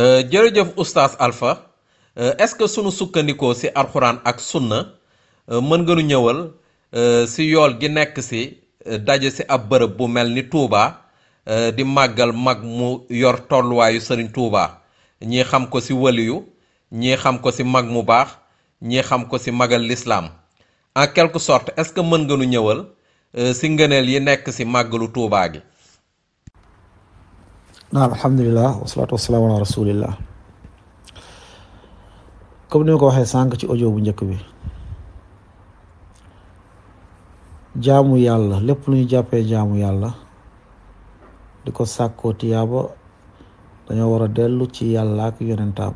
Euh, jërëjëf oustaz Alpha euh, est-ce que sunu sukkandikoo ci alxuraan ak sunna euh, mën nga nu ñëwal ci yool gi nekk ci daje ci ab bërëb bu mel ni Touba di màggal mag mu yor tolluwaayu sëriñ tuubaa ñii xam ko ci waliyu ñii xam ko ci mag mu baax ñii xam ko ci magal lislaam en quelque sorte est-ce que mën nga nu ñëwal ci ngëneel yi nekk ci màggalu tuubaa gi. naa alhamdulilah wasalaatu wasalaamu ala rasulillah comme ni ma ko waxee sànq ci audio bu njëkk bi jaamu yàlla lépp lu ñu jàppee jaamu yàlla di ko sàkkoo tiyaaba dañoo war a dellu ci yàlla ak yonentaam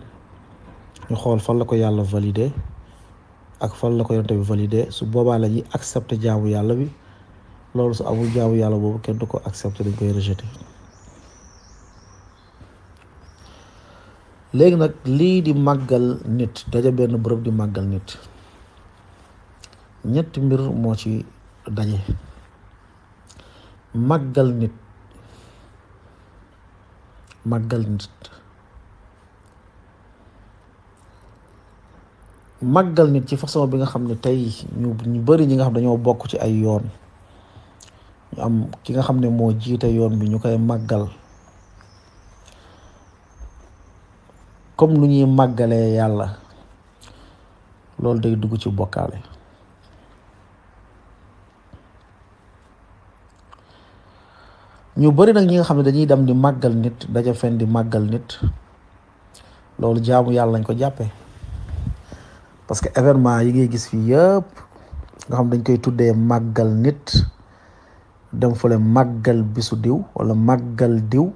ñu xool fan la ko yàlla validé ak fan la ko yonente bi validé su boobaa la ñuy accepté jaamu yàlla bi loolu su amul jaamu yàlla boobu kenn du ko accepté dañ koy rejeté léegi nag lii di màggal nit daje benn bërëb di màggal nit ñetti mbir moo ci daje màggal nit màggal nit màggal nit ci façon bi nga xam ne tey ñu ñu bari ñi nga xam dañoo bokk ci ay yoon ñu am ki nga xam ne moo jiite yoon bi ñu koy màggal comme lu ñuy màggalee yàlla loolu day dugg ci bokkaale ñu bari nag ñi nga xam ne dañuy dem di màggal nit daja fen di màggal nit loolu jaamu yàlla lañ ko jàppe parce que événement yi ngay gis fii yëpp nga xam dañ koy tuddee màggal nit dem fële màggal bisu diw walla màggal diw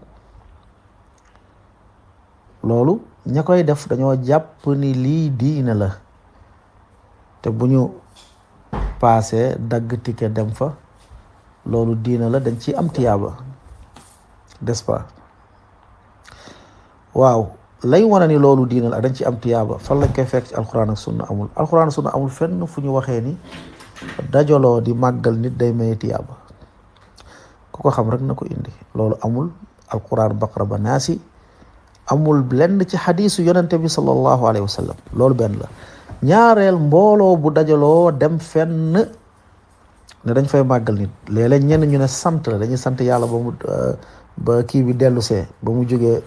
loolu ña koy def dañoo jàpp ni lii diine la te bu ñu paasee dagg ticket dem fa loolu diine la dañ ci am tiyaaba nest waaw lay wane ni loolu diine la dañ ci am tiyaaba fan lañ koy fekk ci alxuraan ak sunna amul alxuraan ak sunna amul fenn fu ñu waxee ni dajaloo di màggal nit day maye tiyaaba ku ko xam rek na ko indi loolu amul alxuraan baqara ba naasi amul lenn ci xadiisu yonente bi sallallahu alayhi wa loolu benn la ñaareel mbooloo bu dajaloo dem fenn ne dañ fay màggal nit ñenn ñu ne sant la sant yàlla ba mu euh, kii bi dellu see ba mu jógee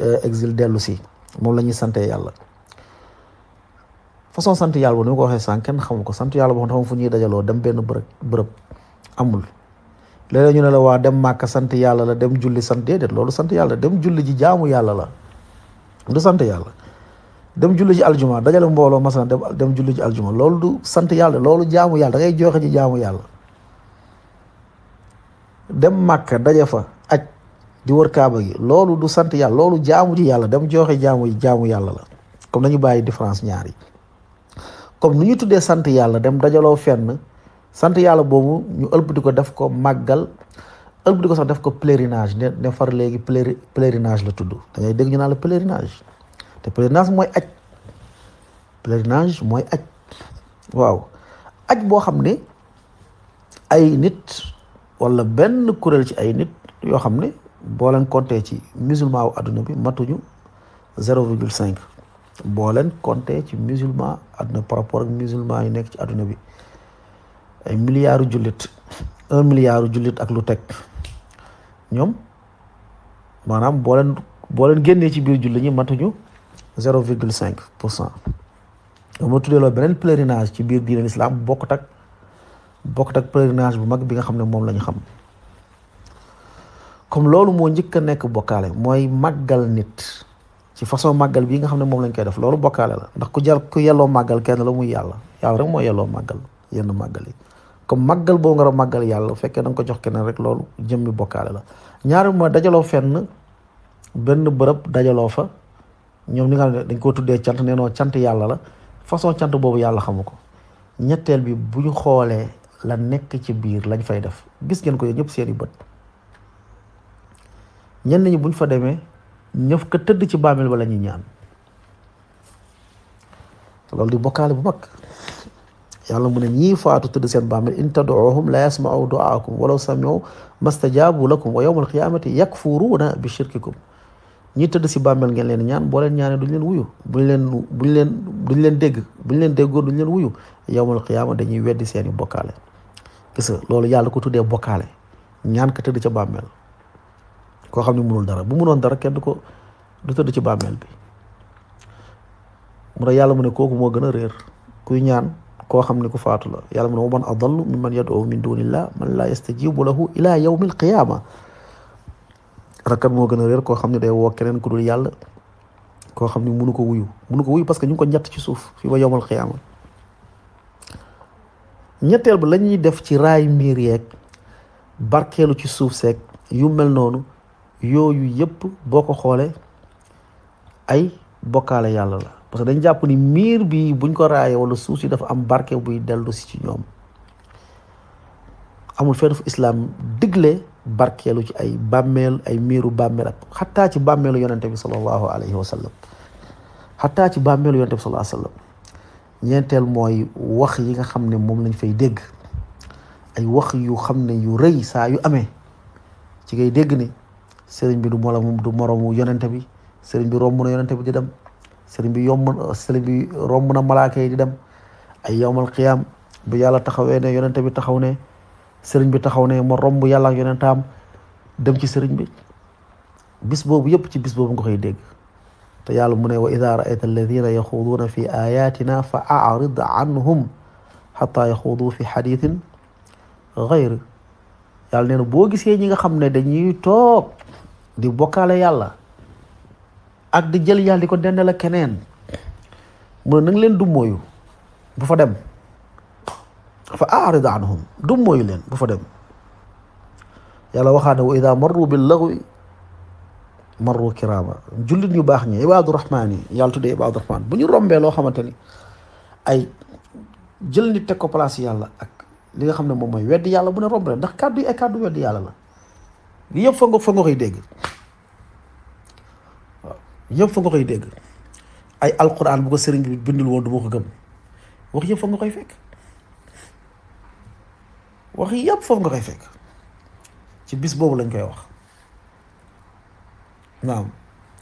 euh, exil dellu si moom la ñuy santee yàlla façon sant yàlla boobu ni ko waxee sànq xamu ko sant yàlla boobu dafa am ñuy dajaloo dem benn bërëb bërëb amul ñu ne la waa dem màkka sant yàlla la dem julli sant déedéet loolu sant yàlla dem julli ji jaamu yàlla la du sant yàlla dem julli ci aljuma dajale mbooloo masana dem dem julli ci aljuma loolu du sant yàlla loolu jaamu yàlla da ngay joxe ji yàlla dem màkka daje fa aj di wër kaaba gi loolu du sant yàlla loolu jaamu ji yàlla dem joxe jaamu ji jaamu yàlla la comme nañu bàyyi différence ñaar yi comme nu ñu tuddee sant yàlla dem dajaloo fenn sant yàlla boobu ñu ëlbati ko def ko màggal ëlb di ko sax def ko pèlerinage ne far léegi pèleri pèlerinage la tudd da ngay dégg ñu naan la pèlerinage te pèlerinage mooy aj pèlerinage mooy aj waaw aj boo xam ne ay nit wala benn kuréel ci ay nit yoo xam ne booleen leen ci musulman wu adduna bi matuñu zéro virgule cinq boo leen ci musulman adduna par rapport ak musulman yi nekk ci adduna bi ay milliards jullit un milliard jullit ak lu teg ñoom maanaam boo leen boo leen génnee ci biir jullit ñi matuñu zéro virgule cinq pour cent ñoom la tuddee loolu beneen pèlerinage ci biir diine l'islam bokkut ak bokkut ak pèlerinage bu mag bi nga xam ne moom la xam comme loolu moo njëkk a nekk bokkaale mooy màggal nit ci façon màggal bi nga xam ne moom lañ koy def loolu bokkaale la ndax ku jal ku yelloo màggal kenn la muy yàlla yàlla rek moo yelloo màggal yenn màggal comme màggal boo nga a màggal yàlla bu fekkee da nga ko jox keneen rek loolu jëmmi bokkaale la ñaari mooy dajaloo fenn benn bërëb dajaloo fa ñoom ni nga xam dañ koo tuddee cant nee yàlla la façon cant boobu yàlla xamu ko ñetteel bi bu ñu xoolee la nekk ci biir lañ fay def gis ngeen ko yéen ñëpp seeni bët ñenn buñ fa demee ñëf ko tëdd ci bàmmeel ba la ñaan loolu di bokkaale bu mag yàlla mu ne ñii faatu tëdd seen bàmmeel in tadoohum la yasmau duaakum walaw samiu mastajabu lakum wa yawma alqiyamati yakfuruuna bi shirkikum ñii tëdd si bàmmeel ngeen leen ñaan boo leen ñaanee duñ leen wuyu buñ leen buñ leen duñ leen dégg buñ leen déggoon duñ leen wuyu yawma alqiyama dañuy weddi seen i bokkaale gis nga loolu yàlla ko tuddee bokkaale ñaan ka tëdd ca bàmmeel koo xam ne mënul dara bu mënoon dara kenn du ko du tëdd ci bàmmeel bi mu ne yàlla mu ne kooku moo gën a réer kuy ñaan koo xam ne ku faatu la yàlla mu ne wa man adallu min man yad'u min dunillah man laa yastajibu lahu ila yawmi alqiyama rakat moo gën a réer koo xam ne day woo keneen ku dul yàlla koo xam ne munu ko wuyu munu ko wuyu parce que ñu ko ñett ci suuf fii ba yawmal qiyaama ñetteel ba la def ci raay mbiir yeeg barkeelu ci suuf seek yu mel noonu yooyu yëpp boo ko xoolee ay bokkaale yàlla la parce que dañ jàpp ni miir bi buñ ko raaye wala suuf si dafa am barke buy dellu si ci ñoom amul fenn fu islam digle barkeelu ci ay bàmmeel ay miiru bàmmeel ak xataa ci bàmmeelu yonente bi sallallahu alayhi wa sallam ci bàmmeelu yonente bi mooy wax yi nga xam ne moom lañ fay dégg ay wax yu xam ne yu rëy saa yu amee ci ngay dégg ni sëriñ bi du moromu du moromu bi sëriñ bi romb na yonente bi di dem sëriñ bi yomb romb na malaaka di dem ay yowmal qiyaam bu yàlla taxawee ne yonente bi taxaw ne sëriñ bi taxaw ne ma romb yàlla ak yonentaam dem ci sëriñ bi bis boobu yëpp ci bis boobu nga koy dégg te yàlla mu ne wa ida raayta alladina yaxuuduuna fi boo gisee ñi nga xam ne dañuy toog di bokkaale yàlla ak di jël yàlla di ko dendal ak keneen mu ne na leen dummóoyu bu fa dem fa a'rid anhum dummóoyu leen bu fa dem yàlla waxaa ne wa ida marru bil lagwi marru kiraama jullit ñu baax ñi ibaadu rahmaan yi yàlla tuddee ibaadu bu ñu rombee loo xamante ni ay jël nit teg ko place yàlla ak li nga xam ne moom mooy weddi yàlla bu ne romb ndax kàddu yi yàlla la li yëpp fa nga fa yëpp fa nga koy dégg ay alquran bu ko sëriñ bi bindul woon du ma ko gëm wax yëpp koy fekk wax yëpp foofu nga koy fekk ci bis boobu lañ koy wax waaw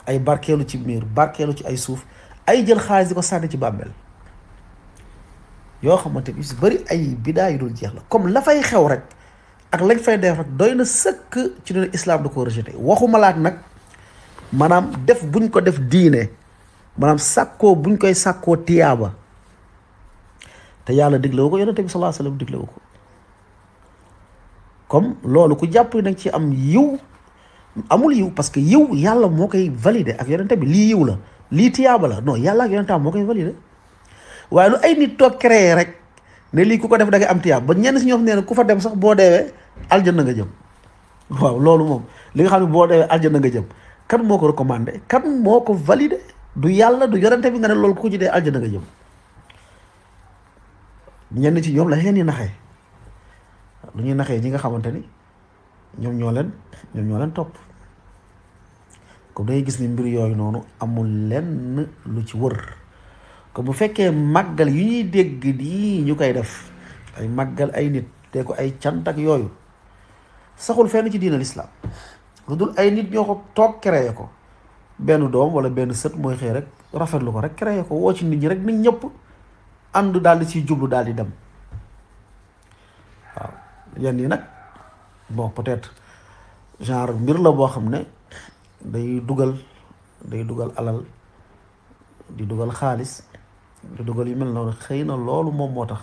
ay barkeelu ci miir barkeelu ci ay suuf ay jël xaalis di ko sànni ci bàmmeel yoo xamante ni su bëri ay bidaa yu dul jeex la comme la fay xew rek ak lañ fay def rek doy na sëkk ci ne islaam da ko rejeté waxu malaat nag maanaam def buñ ko def diine maanaam sàkkoo buñ koy sàkkoo tiyaaba te yàlla diglewu ko yonente bi salaa sallam diglewu ko comme loolu ku jàpp nag ci am yiw amul yiw parce que yiw yàlla moo koy valider ak yonente bi lii yiw la lii tiyaaba la non yàlla ak yonente moo koy valider waaye ay nit toog créé rek ne lii ku ko def da ngay am tiyaaba ba ñenn si ñoo xam ne ku fa dem sax boo deewee aljanna nga jëm waaw loolu moom li nga xam ne boo deewee aljanna nga jëm kan moo ko recommandé kan moo ko validé du yàlla du yarante bi nga ne loolu ku ci dee aljana nga jëm ñenn ci ñoom la xeen naxe lu ñuy naxee ñi nga xamante ni ñoom ñoo leen ñoom ñoo leen topp ko day gis ni mbir yooyu noonu amul lenn lu ci wër ko bu fekkee màggal yu ñuy dégg di ñu koy def ay màggal ay nit te ko ay cant yooyu saxul fenn ci diinal islam lu dul ay nit ñoo ko toog créé ko benn doom wala benn sët mooy xëy rek rafetlu ko rek créé ko woo ci nit ñi rek nit ñëpp ànd daal di ciy jublu daal di dem waaw yenn yi nag bon peut-être genre mbir la boo xam ne day dugal day dugal alal di dugal xaalis di dugal yu mel noonu xëy na loolu moom moo tax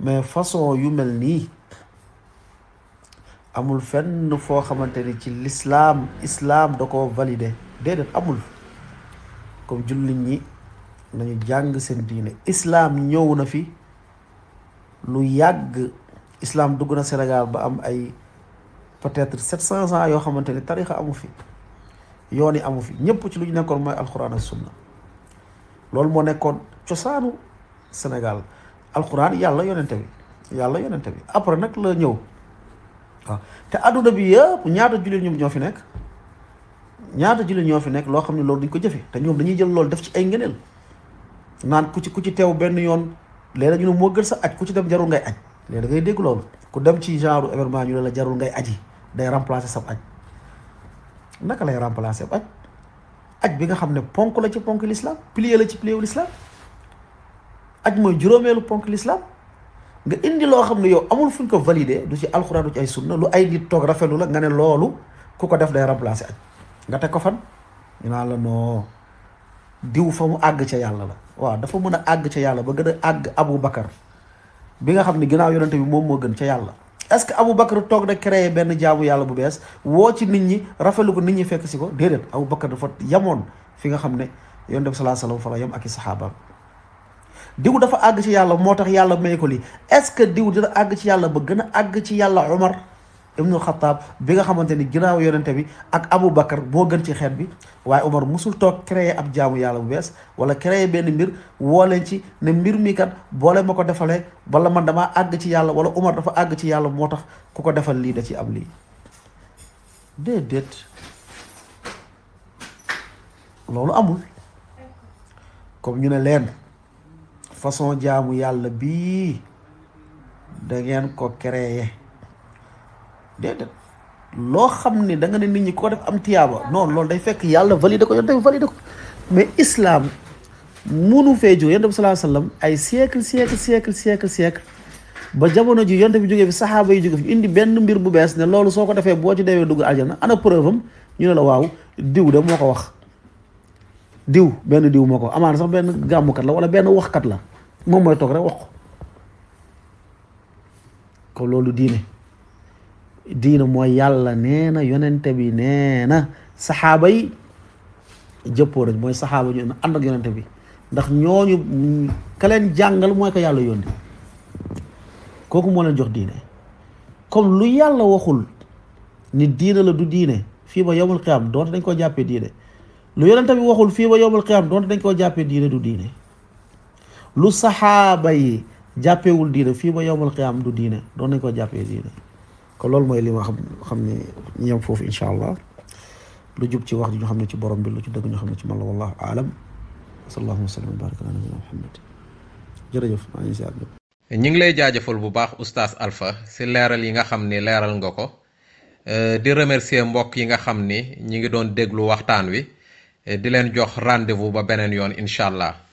mais façon yu mel nii amul fenn foo xamante ni ci lislaam islaam da ko validé déedéet amul comme jullit ñi nañu jàng seen diine islaam ñëw na fi lu yàgg islaam dugg na Sénégal ba am ay peut-être sept cent ans yoo xamante ni tarixa amu fi yoon yi amu fi ñëpp ci lu ñu nekkoon mooy alxuraan ak sunna loolu moo nekkoon cosaanu Sénégal alxuraan yàlla yonente bi yàlla yonente bi après nag la ñëw waaw ah. te adduna bi yëpp ñaata jullit ñoom ñoo fi nekk ñaata jullit ñoo fi nekk loo xam ne loolu duñ ko jëfe te ñoom dañuy jël loolu def ci ay ngëneel naan ku ci ku ci teew benn yoon léeg-léeg ne moo gën sa aj ku ci dem jarul ngay aj léegi da ngay loolu ku dem ci genre ma ñu ne la jarul ngay aji day remplacer sab aj naka lay remplacer ab aj aj bi nga xam ne ponk la ci ponk l'islam pilier la ci pilier wu l'islam aj mooy juróomeelu ponk l'islam nga indi loo xam ne yow amul fuñ ko valider du ci alxuraan du ci ay sunna lu ay nit toog rafetlu la nga ne loolu ku ko def day remplacer aj nga teg ko fan ñu la noo diw fa mu àgg ca yàlla waaw dafa mën a àgg ca yàlla ba gën a àgg Abu Bakar bi nga xam ne ginnaaw yonente bi moom moo gën ca yàlla est-ce que Abu Bakar toog na créer benn jaamu yàlla bu bees woo ci nit ñi rafetlu ko nit ñi fekk si ko déedéet Abu Bakar dafa yamoon fi nga xam ne yonente bi sallallahu alayhi wa sallam fa la yam ak i saxaabaam diw dafa àgg ci yàlla moo tax yàlla may ko lii est-ce que diw dana àgg ci yàlla ba gën a àgg ci yàlla Omar ibnul Xataab bi nga xamante ni ginnaaw yonente bi ak Abu Bakar moo gën ci xeet bi waaye Omar musul toog créer ab jaamu yàlla bu bees wala créer benn mbir woo leen ci ne mbir mi kat boole ma ko defalee wala man damaa àgg ci yàlla wala Omar dafa àgg ci yàlla moo tax ku ko defal lii da ci am lii déedéet loolu amul comme ñu ne leen façon jaamu yàlla bii da ngeen ko créer déedéet loo xam ne da nga ne nit ñi ko def am tiyaaba noonu loolu day fekk yàlla validé ko yonent bi validé ko mais islam munu fee jóge yonent bi sallallahu alayhi ay siècle siècle siècle siècle siècle ba jamono ji yonent bi jógee fi saxaaba yi jóge fi indi benn mbir bu bees ne loolu soo ko defee boo ci dewee dugg aljana ana preuve am ñu ne la waaw diw de moo ko wax diw benn diw ma ko amaana sax benn gàmmukat la wala benn waxkat la moom mooy toog rek wax ko loolu diine diine mooy yàlla nee na yonente bi nee na saxaaba yi jëppoo nañ mooy saxaaba ñu ànd ak yonente bi ndax ñooñu ka leen jàngal mooy ko yàlla yoon yónni kooku moo leen jox diine comme lu yàlla waxul ni diine la du diine fii ba yowmal am doonte dañ koo jàppee diine lu yonent bi waxul fii ba yowmal qiyaam doonte dañ ko jàppee diine du diine lu saxaaba yi jàppewul diine fii ba yowmal qiyaam du diine doon nañ koo jàppee diine kon loolu mooy li ma xam xam ne foofu incha allah lu jub ci wax ji ñu xam ne ci borom bi lu ci dëgg ñu xam ne ci man la wallahu aalam sallallahu wa sallam wa baraka ala nabina muhammad jërëjëf ñu ngi lay jaajëfal bu baax oustaz Alpha si leeral yi nga xam ni leeral nga ko euh, di remercier mbokk yi nga xam ni ñu ngi doon déglu waxtaan wi di leen jox rendez-vous ba beneen yoon incha allah